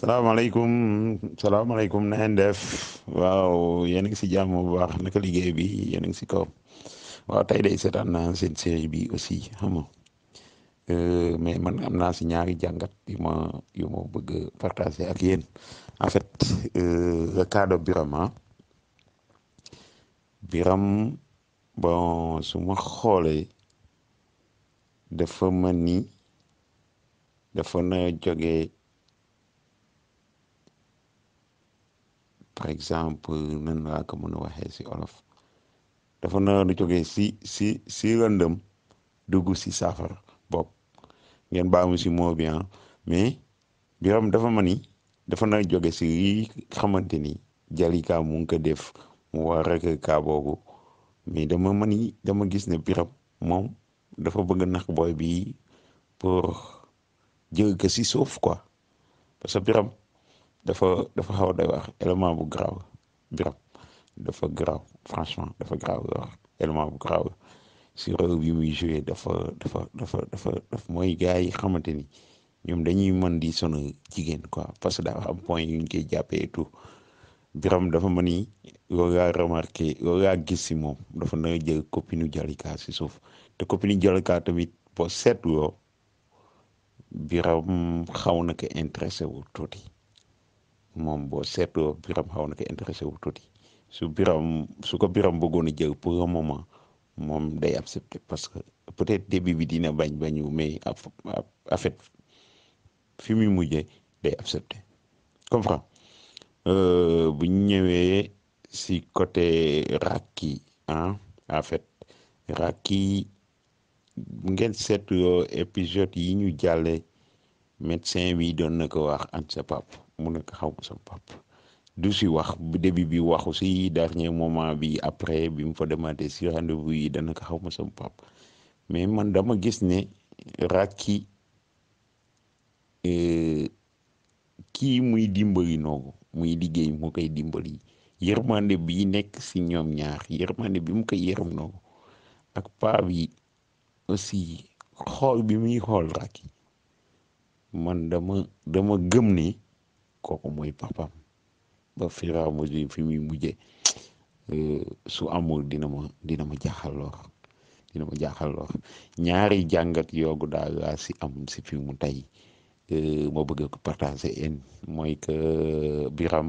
salaamaaleykum salaamaaleykum na ngeen def waaw yéen a ngi si jàmm bu baax naka liggéey bi yéen a ngi si kaw waaw tey day seetaan naa seen série bi aussi xam nga euh, man am naa si ñaari jàngat yu ma yu ma bëgg a ak yéen en fait euh, le cas Biram ah suma bon su ma xoolee dafa ni dafa na jógee. par exemple nan laa ko mën a waxee si olof dafa nar joge si si si lëndëm dugg si saafara bopp ngeen baamu si moo bien ah, mais biram dafa mani dafa na a jóge si lii xamante ni Jalika mu ngi def mu war rek kaa mais dama ma dama gis ne biram moom dafa bëgg nax booy bi pour jël si suuf quoi parce que biram dafa dafa xaw a doy wax élément bu garaaw biram dafa garaaw franchement dafa garaaw wax bu graw si rôle bi muy joué dafa dafa dafa dafa daf mooy gars yi xamante ni ñoom dañuy mën di sono jigéen quoi parce que dafa am point yu ñu koy jàppee et tout biram dafa mën ni loolu laa remarqué gis si moom dafa na jël copine Jalika si suuf te copine Jalika tamit boo seetloo biram xaw na ko intéressé wu tuuti. moom boo seetloo biram xaw na ko intéressé wu tuuti su biram su ko biram bëggoon a jël pour un moment moom day accepté parce que peut-être début bi dina bañ bañu mais en fait fi muy mujj day accepté comprend euh, bu ñëwee si côté Racky ah en fait Racky bu ngeen seetloo épisode yi ñu jàllee médecin bii doon na ko wax ak sa pap mu na ko xaw ma sa pap du si wax début bi waxu si dernier moment bi après bi mu fa demandé si rendez-vous yi dana ka xaw ma sa pap mais man dama gis ne rakki euh, kii muy dimbali noogu muy liggéey mu koy dimbali yërmande bi nekk si ñoom ñaar yërmande bi mu koy yërëm noogu ak paa bi aussi xool bi muy xool rakki man dama dama gëm ni kooku mooy papam ba firaw ma mujje euh, su amul dina ma dina ma jaaxal lool dina ma ñaari jàngat yoogu daal laa si am si fi mu tey euh, ma bëgg ko partager mooy que euh, Biram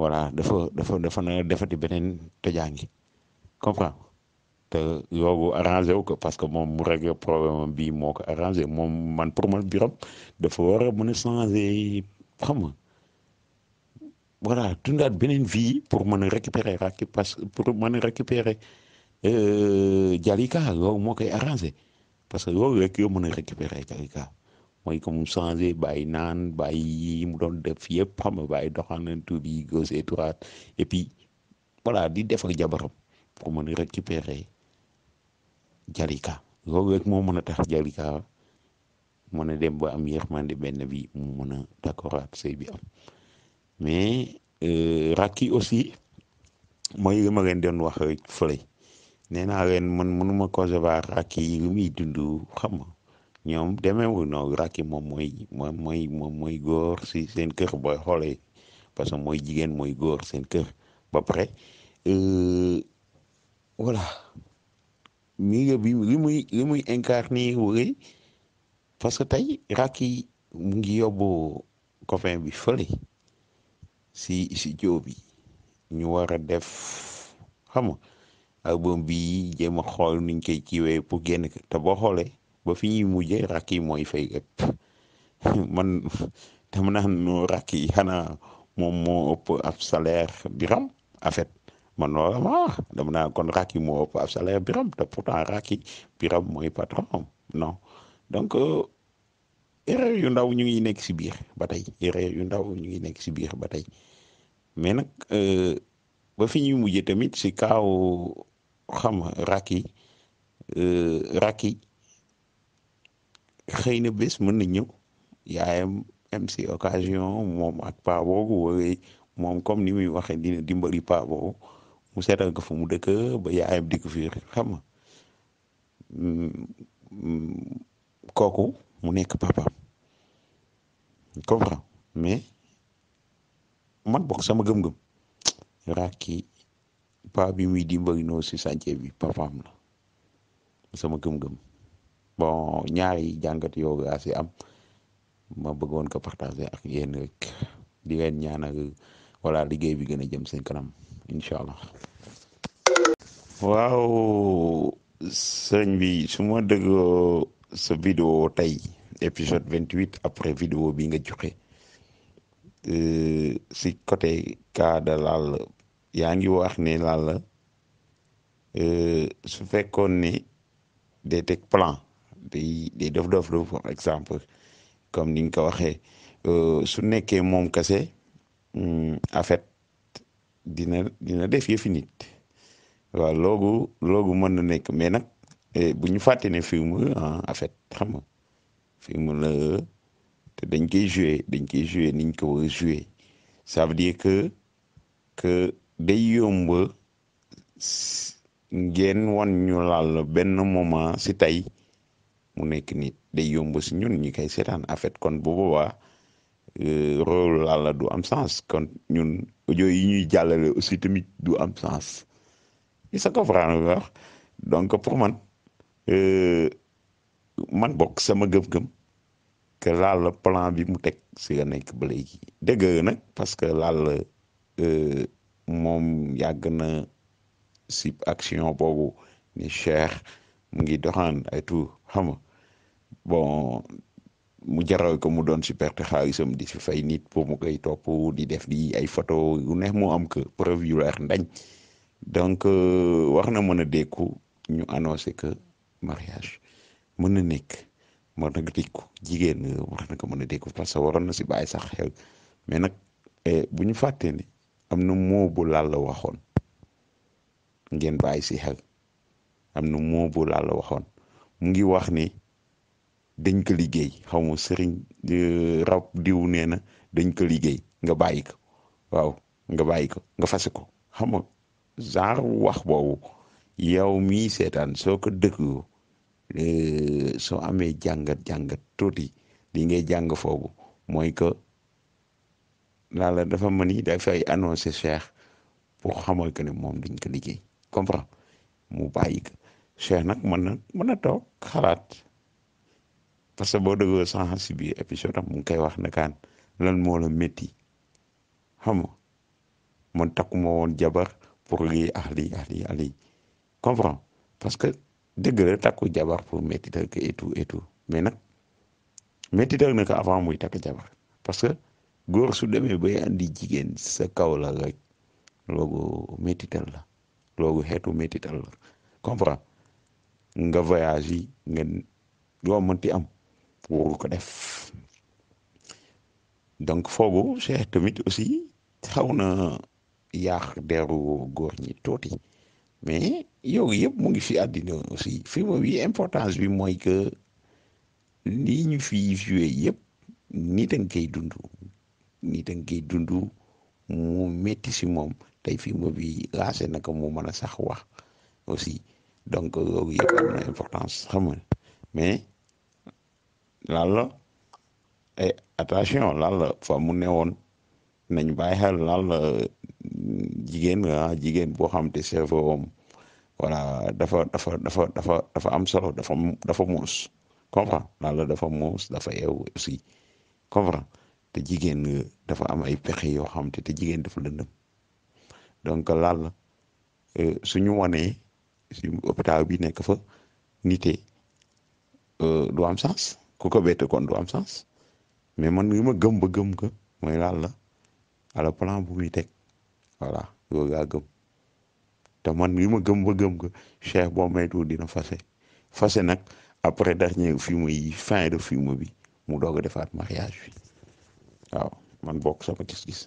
voilà dafa dafa dafa na defati beneen tojaangi comprends te loolu arrangé wu ko parce que moom mu réglé problème bi moo ko arrangé moom man pour man biram dafa war a mën a changé xam nga voilà dundaat beneen vie pour mën a récupérer parce que pour mën a récupérer euh, Jalika loolu moo koy arrangé parce que loolu rek yoo mën a récupérer Jalika mooy que mu changé bàyyi naan bàyyi mu doon def yëpp xam nga bàyyi doxaanantu bi gauche et di def ak jabaram pour mën a récupérer Jalika loolu rek moo mën a tax Jalika mën a dem ba am yërmande benn bi mu mën a d'accord ak sëy bi am mais euh, rakki aussi mooy li ma leen doon wax rek ne nee naa leen man mënuma conserver rakki yi li muy dund xam nga ñoom demeewul noonu rakki moom mooy moom mooy moom góor si seen kër booy xoolee parce que mooy jigéen mooy góor seen kër ba pare euh, voilà. milieu bi li muy li muy incarné wërëy parce que tey Racky mu ngi yóbbu copin bi fële si si joo bi ñu war a def xam nga album bi jéem a xool niñ koy kiiwee pour génn te boo xoolee ba fi ñuy mujjee Racky mooy fay lépp man dama naan no Racky xanaa moom moo ëpp ab biram bi xam fait man vraiment oh, dama naa kon Racky moo ëpp ab salaire Birame te pourtant Racky Birame mooy patron non donc euh, erreur yu ndaw ñu ngi nekk si biir ba tey yu ndaw ñu ngi nekk si biir ba tey mais nag euh, ba fi ñuy mujjee tamit si kaaw xam Racky Racky euh, xëy na bés mën na ñëw yaayam am si occasion moom ak paa boobu wala moom comme ni muy waxee di dimbali paa boobu mu seetal ko fu mu dëkk ba yaayam dikk fiir xam nga mm, kooku mu nekk papaam comprend mais man bokk sama gëm-gëm raaki pa bi muy dimbali noo si chantier bi papaam la sama gëm-gëm bon ñaari jàngat yoogaa si am ma bëggoon ko partager ak yéen rek di leen ñaanal wala liggéey bi gën a jëm seen kanam incha allah. waaw sëñ bi su ma dëggoo sa vidéo tey épisode vingt huit après video bi nga joxe euh, si côté cas de yaa ngi wax ne Lalla euh, su fekkoon ne de teg plan day day def dof lu par exemple comme ni nga ko waxee euh, su nekkee moom kese hmm, en fait. dina dina def yëfi nit waaw loogu loogu mën na nekk mais nag eh, bu ñu fàtte ne film ah, en fait xam nga film la te dañ koy joué dañ koy joué niñ ko war a joué ça que day yomb ngeen wan ñu laal benn moment si tey mu nekk nit day yomb si ñun ñu koy seetaan en fait kon bu boobaa euh, rôle laal la du am sens kon ñun. audio yi ñuy jàllale aussi tamit du am sens i sa comprendre nga wax donc pour man euh, man bokk sama gëm-gëm que laal plan bi mu teg si nga nekk ba léegi dégg nga nag parce que laal la euh, moom yàgg na si action boobu ni Cheikh mu ngi doxaan et tout xam bon mu jaral ko mu doon si perte xaalisam di si fay nit pour mu kay topp di def di ay foto yu neex moo am que preuve yu leer ndañ donc euh, wax na mën a dékku ñu annoncé que mariage mën na nekk mën na dékku jigéen war na ko mën a dékku parce que waroon na si bàyyi sax xel mais nag eh, bu ñu fàttee ne am nu moo bu laal la waxoon ngeen bàyyi si xel am nu moo bu laal la waxoon mu ngi wax ni. dañ ko liggéey xaw ma sëriñ rab diw nee na dañ ko liggéey nga bàyyi ko waaw nga bàyyi ko nga fase ko xam nga genre wax boobu yow mi seetaan soo ko dëkk e, soo amee jàngat jàngat tuuti li ngay jàng foofu mooy que laala dafa mën ni dafay annoncé Cheikh pour xamal que ne moom dañ ko liggéey comprendre mu bàyyi ko Cheikh nag mën na mën na toog xalaat. parce que boo déggoo sens si biir épisode am mu ngi koy wax ne kaan lan moo la métti xam nga man takkuma woon jabar pour lii ah lii ah lii parce que dëgg takku jabar pour méttital ko et tout et tout mais nag méttital na ko avant muy takk jabar parce que góor su demee bay andi jigéen sa kaw la rek loogu méttital la loogu xeetu méttital la comprends nga voyage yi nga loo ti am wóoru ko def donc foogu Cheikh tamit aussi xaw na yaax deru góor ñi tuuti mais yow yëpp mu ngi fi àddina aussi film bi importance bi mooy que lii ñu fi joué yëpp nii dañ koy dund nii dañ koy dund mu métti si moom tey film bi laase na ko mu mën a sax wax aussi donc loolu yëpp na importance xam mais lan la et eh, attention lan la fa mu ne woon nañ bàyyi xel lan la jigéen nga jigéen boo xam te cerveau voilà dafa dafa dafa dafa am solo dafa dafa muus comprend lan la dafa muus dafa yeew aussi comprend te jigéen dafa am ay pexe yoo xam te te jigéen dafa lëndëm donc lan la eh, suñu wanee si hôpital bi nekk fa nite eh, du am sens ku ko bette kon du am sens mais man li ma gëm ba gëm ko mooy laal la ala plan bu muy teg voilà loolu gëm te man li ma gëm ba gëm ko cheikh boo maytu dina fase fase nag après dernier film yi fin de film bi mu doog a defaat mariage bi waaw man bokk sama gis-gis